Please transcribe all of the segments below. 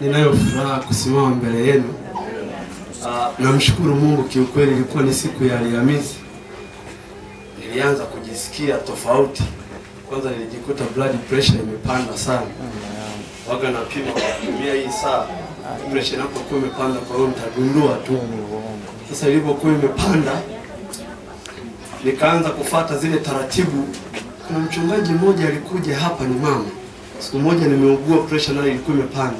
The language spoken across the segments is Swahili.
ninayo furaha kusimama mbele yenu. Namshukuru Mungu, kiukweli ilikuwa ni siku ya Alhamisi, nilianza kujisikia tofauti. Kwanza nilijikuta blood pressure imepanda sana, waga napima kwa kutumia hii saa pressure inapokuwa imepanda, kwa hiyo mtagundua tu. Sasa ilipokuwa imepanda, nikaanza kufata zile taratibu. Kuna mchungaji mmoja alikuja hapa, ni mama, siku moja nimeugua pressure nayo ilikuwa imepanda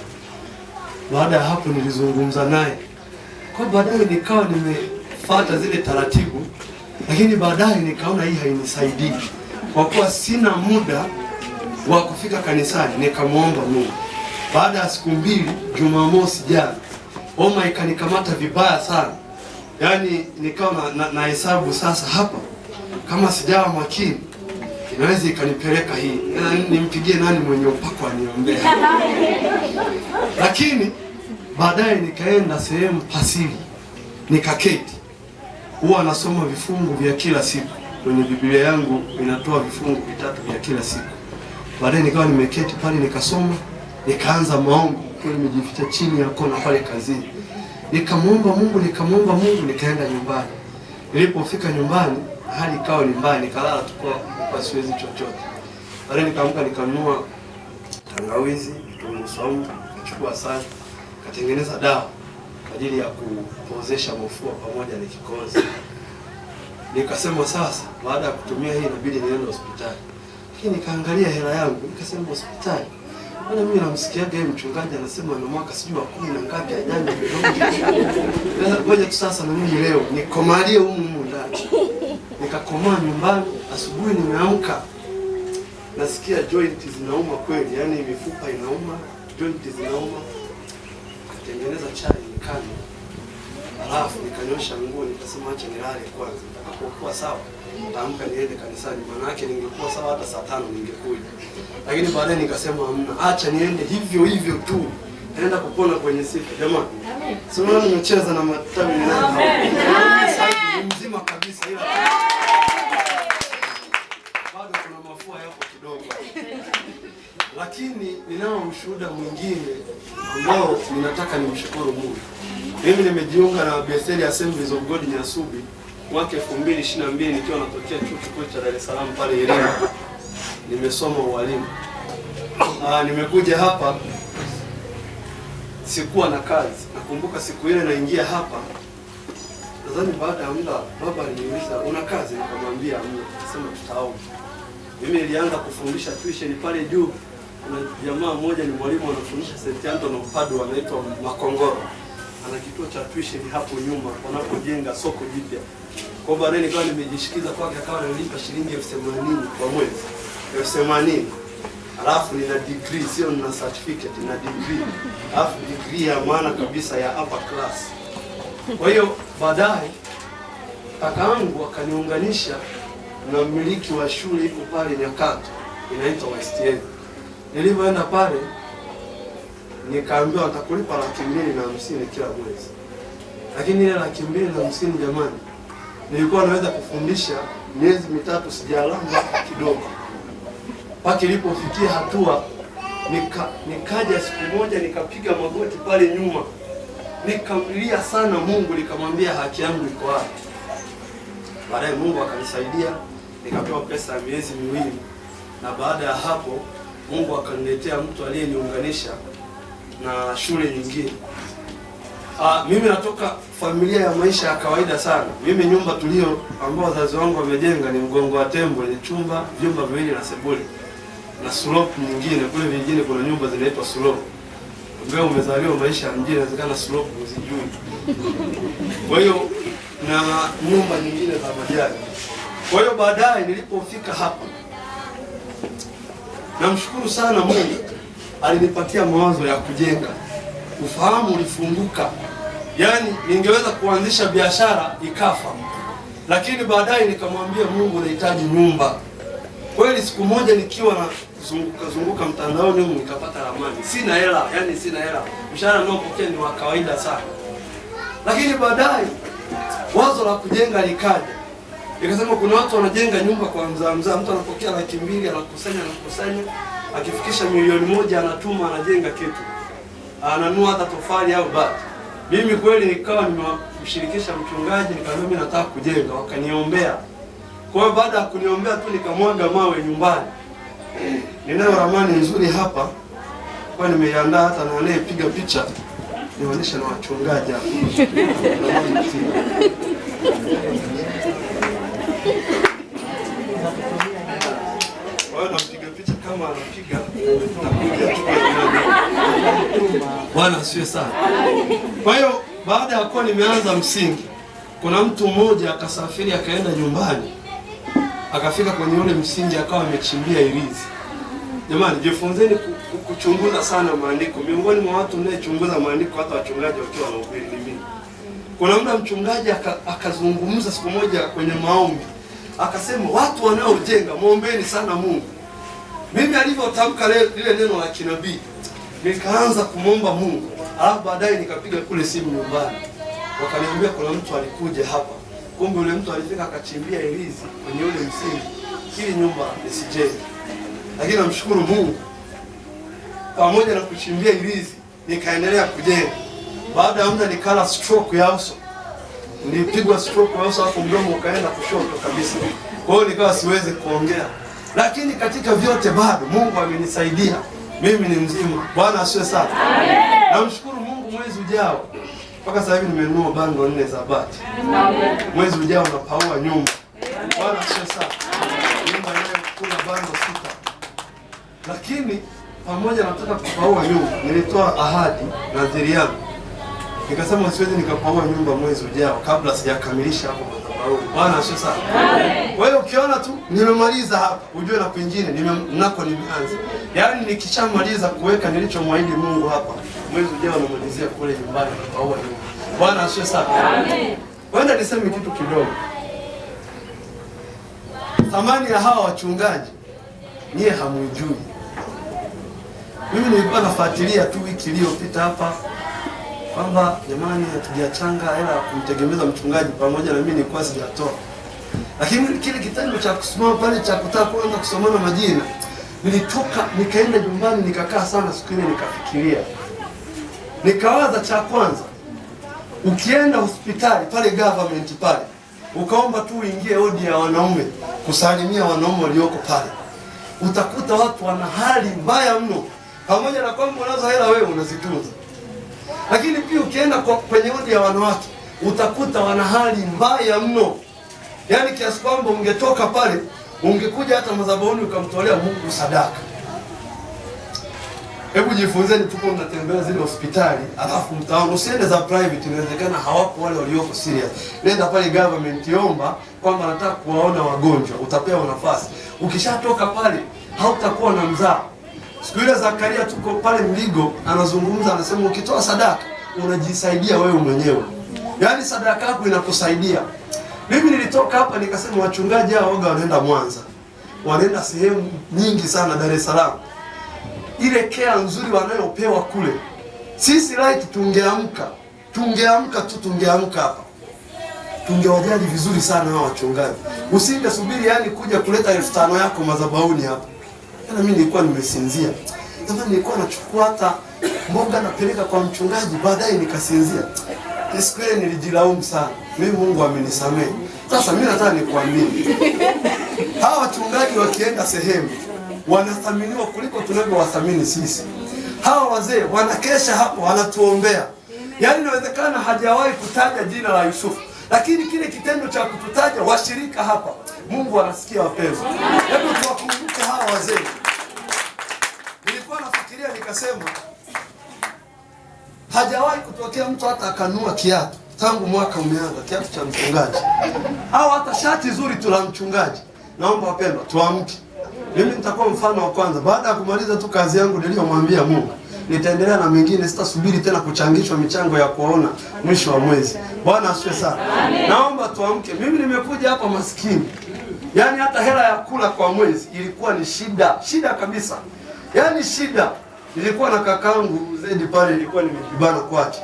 baada ya hapo nilizungumza naye kwa baadaye, nikawa nimefata zile taratibu, lakini baadaye nikaona hii hainisaidii kwa kuwa sina muda wa kufika kanisani. Nikamwomba Mungu. Baada ya siku mbili, Jumamosi jana, homa ikanikamata vibaya sana, yaani nikawa na, na, na hesabu sasa hapa kama sijawa makini inaweza ikanipeleka hii, yaani, nimpigie nani mwenye upako aniombea. Lakini baadaye nikaenda sehemu pasili, nikaketi. Huwa nasoma vifungu vya kila siku kwenye Biblia yangu, inatoa vifungu vitatu vya kila siku. Baadaye nikawa nimeketi pale nikasoma, nikaanza maombi kwa nimejificha chini ya kona pale kazini, nikamwomba Mungu, nikamwomba Mungu, nikaenda nyumbani. Nilipofika nyumbani hali ikawa ni mbaya, nikalala tu kwa siwezi chochote. Baadaye nikaamka nikanua tangawizi, kitunguu saumu, nikachukua asali, katengeneza dawa kwa ajili ya kupozesha mafua pamoja na kikozi. Nikasema sasa, baada ya kutumia hii inabidi niende hospitali. Lakini nikaangalia hela yangu, nikasema hospitali Bwana mimi namsikiaga yeye mchungaji anasema ana mwaka sijui wa 10 na ngapi ajani. Ngoja tu sasa na mimi leo nikomalie huko ndani nikakomaa nyumbani. Asubuhi nimeamka nasikia joint zinauma kweli, yani mifupa inauma, joint zinauma. Nikatengeneza chai nikanywa, alafu nikanyosha nguo, nikasema acha nilale kwanza, nitakapokuwa sawa nitaamka niende kanisani. Maanake ningekuwa sawa hata saa tano ningekuja, lakini baadaye nikasema hamna, acha niende hivyo hivyo tu naenda kupona kwenye siku. Jamani, sio nimecheza na matawi mzima kabisa ila Lakini ninao mshuhuda mwingine ambao ninataka nimshukuru Mungu. Mimi nimejiunga na Bethel Assemblies of God Nyasubi mwaka 2022 nikiwa natokea chuo kikuu cha Dar es Salaam pale Iringa. Nimesoma ualimu. Ah, nimekuja hapa sikuwa na kazi. Nakumbuka siku ile naingia hapa nadhani baada ya muda baba aliniuliza una kazi, nikamwambia mimi Akasema tutaona. Mimi nilianza kufundisha tuition pale juu kuna jamaa mmoja ni mwalimu anafundisha St. Anthony of Padua anaitwa Makongoro. Ana kituo cha tuition hapo nyuma wanapojenga soko jipya. Kwa hiyo baadaye nikawa nimejishikiza kwake akawa analipa shilingi elfu themanini kwa mwezi. Elfu themanini. Alafu nina degree sio nina certificate, nina degree. Alafu degree ya maana kabisa ya upper class. Kwa hiyo baadaye kakaangu akaniunganisha na mmiliki wa shule iko pale Nyakato inaitwa West End. Nilivyoenda pale nikaambiwa atakulipa laki mbili na hamsini kila mwezi, lakini ile laki mbili na hamsini jamani, nilikuwa naweza kufundisha miezi mitatu sijalamba kidogo, mpaka ilipofikia hatua nika, nikaja siku moja nikapiga magoti pale nyuma nikamlia sana Mungu, nikamwambia haki yangu iko wapi? Baadaye Mungu akanisaidia nikapewa pesa ya miezi miwili, na baada ya hapo Mungu akaniletea mtu aliyeniunganisha na shule nyingine. Ah, mimi natoka familia ya maisha ya kawaida sana. Mimi nyumba tulio ambao wazazi wangu wamejenga ni mgongo wa tembo ni chumba vyumba viwili na sebule na slope nyingine. Kule vingine kuna nyumba zinaitwa slope. Wewe umezaliwa maisha ya mjini, inawezekana slope usijui. Kwa hiyo na nyumba nyingine za majani. Kwa hiyo baadaye nilipofika hapa Namshukuru sana Mungu alinipatia mawazo ya kujenga, ufahamu ulifunguka. Yaani ningeweza kuanzisha biashara ikafa, lakini baadaye nikamwambia Mungu, nahitaji nyumba. Kweli siku moja nikiwa na zunguka mtandaoni huko nikapata ramani, sina hela, yani sina hela, mshahara ninaopokea ni wa kawaida sana, lakini baadaye wazo la kujenga likaja Ikasema kuna watu wanajenga nyumba kwa mzaa mzaa, mtu anapokea laki mbili anakusanya anakusanya, akifikisha milioni moja anatuma anajenga kitu, ananua hata tofali au bati. Mimi kweli nikawa nimemshirikisha mchungaji, nikamwambia mimi nataka kujenga, wakaniombea. Kwa hiyo baada ya kuniombea tu nikamwaga mawe nyumbani. Ninayo ramani nzuri hapa kwa nimeiandaa, hata na anayepiga picha nionyeshe na wachungaji hapa Kwa hiyo kama anapiga Bwana asiwe sana. Kwa hiyo baada ya kuwa nimeanza msingi, kuna mtu mmoja akasafiri akaenda nyumbani, akafika kwenye ule msingi akawa amechimbia irizi. Jamani, jifunzeni kuchunguza sana maandiko. Miongoni mwa watu mnayechunguza maandiko, hata wachungaji wakiwa wanahubiri, mimi. Kuna muda mchungaji akazungumza siku moja kwenye maombi akasema watu wanaojenga mwombeni sana Mungu. Mimi alivyotamka lile neno la kinabii, nikaanza kumwomba Mungu, alafu baadaye nikapiga kule simu nyumbani, wakaniambia kuna mtu alikuja hapa. Kumbe yule mtu alifika akachimbia ilizi kwenye ule msingi ili nyumba isijenge, lakini namshukuru Mungu, pamoja na kuchimbia ilizi nikaendelea kujenga. Baada ya muda nikala stroke ya uso nilipigwa stroke hasa hapo, mdomo ukaenda kushoto kabisa, kwa hiyo nikawa siwezi kuongea, lakini katika vyote bado Mungu amenisaidia. Mimi ni mzima. Bwana asiwe sana. Namshukuru Mungu. Mwezi ujao mpaka sasa hivi nimenunua bando nne za bati. Mwezi ujao napaua nyumba. Bwana asiwe sana. Nyumba ile kuna bando sita, lakini pamoja nataka kupaua nyumba, nilitoa ahadi nadhiri yangu nikasema siwezi nikapaua nyumba mwezi ujao kabla sijakamilisha hapo madhabahu. Bwana asifiwe sana. Kwa hiyo ukiona tu nimemaliza hapa, ujue na kwingine nako nimeanza. Yaani nikishamaliza kuweka nilichomwahidi Mungu hapa, mwezi ujao namalizia kule nyumbani kupaua nyumba. Bwana asifiwe sana. Amen. Wenda niseme kitu kidogo. Thamani ya hawa wachungaji nyie hamujui. Mimi nilikuwa nafuatilia tu wiki iliyopita hapa kwamba jamani, hatujachanga hela ya kumtegemeza mchungaji, pamoja na mimi nilikuwa sijatoa, lakini kile kitendo cha kusimama pale cha kutaka kuanza kusomana majina, nilitoka nikaenda nyumbani, nikakaa sana siku ile, nikafikiria, nikawaza, cha kwanza, ukienda hospitali pale government pale ukaomba tu uingie odi ya wanaume kusalimia wanaume walioko pale, utakuta watu wana hali mbaya mno, pamoja na kwamba unazo hela wewe unazitunza lakini pia ukienda kwenye wodi ya wanawake utakuta wana hali mbaya mno, yaani kiasi kwamba ungetoka pale ungekuja hata madhabahuni ukamtolea Mungu sadaka. Hebu jifunzeni, tuko mnatembea zile hospitali alafu mtaona, usiende za private, inawezekana hawapo wale walioko serious. Nenda pale government, omba kwamba nataka kuwaona wagonjwa, utapewa nafasi. Ukishatoka pale hautakuwa na mzaa Siku ile Zakaria tuko pale Mligo, anazungumza anasema, ukitoa sadaka unajisaidia wewe mwenyewe, yaani sadaka yako inakusaidia. Mimi nilitoka hapa nikasema, wachungaji hao waga wanaenda Mwanza, wanaenda sehemu nyingi sana Dar es Salaam, ile kea nzuri wanayopewa kule, sisi right, tungeamka tungeamka tu tungeamka hapa tungewajali vizuri sana hao wachungaji, usingesubiri yani kuja kuleta elfu tano yako madhabahuni hapa Jana mimi nilikuwa nimesinzia. Jamani, nilikuwa nachukua hata mboga napeleka kwa mchungaji, baadaye nikasinzia. Siku ile nilijilaumu sana. Mimi Mungu amenisamehe. Sasa mimi nataka nikuambie, hawa wachungaji wakienda sehemu wanathaminiwa kuliko tunavyowathamini sisi. Hawa wazee wanakesha hapo, wanatuombea. Yaani inawezekana hajawahi kutaja jina la Yusufu, lakini kile kitendo cha kututaja washirika hapa, Mungu anasikia. Wapenzi, hebu tuwakumbuke hawa wazee akasema hajawahi kutokea mtu hata akanua kiatu tangu mwaka umeanza, kiatu cha mchungaji au hata shati zuri tu la mchungaji. Naomba wapendwa, tuamke. Mimi nitakuwa mfano wa kwanza. Baada ya kumaliza tu kazi yangu niliyomwambia Mungu, nitaendelea na mengine, sitasubiri tena kuchangishwa michango ya kuona mwisho wa mwezi. Bwana asifiwe sana. Naomba tuamke. Mimi nimekuja hapa maskini, yaani hata hela ya kula kwa mwezi ilikuwa ni shida, shida kabisa, yaani shida Nilikuwa na kakangu Zedi pale, nilikuwa nimejibana kwake.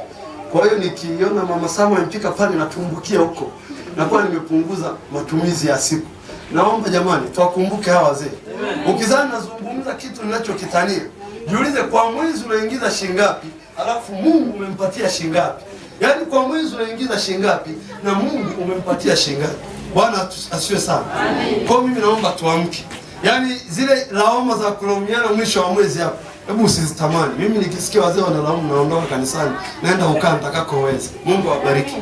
Kwa hiyo nikiona mama Samia mpika pale natumbukia huko, nakuwa nimepunguza matumizi ya siku. Naomba jamani, tuwakumbuke hawa wazee. Ukizani nazungumza kitu ninachokitania, jiulize kwa mwezi unaingiza shingapi, alafu Mungu umempatia shingapi? Yaani kwa mwezi unaingiza shingapi na Mungu umempatia shingapi? Bwana asiwe sana. Amen. Kwa mimi naomba tuamke, yaani zile lawama za kulaumiana mwisho wa mwezi hapo Hebu usizitamani. Mimi nikisikia wazee wanalaumu, naondoka kanisani, naenda ukaa nitakakoweza. Mungu awabariki.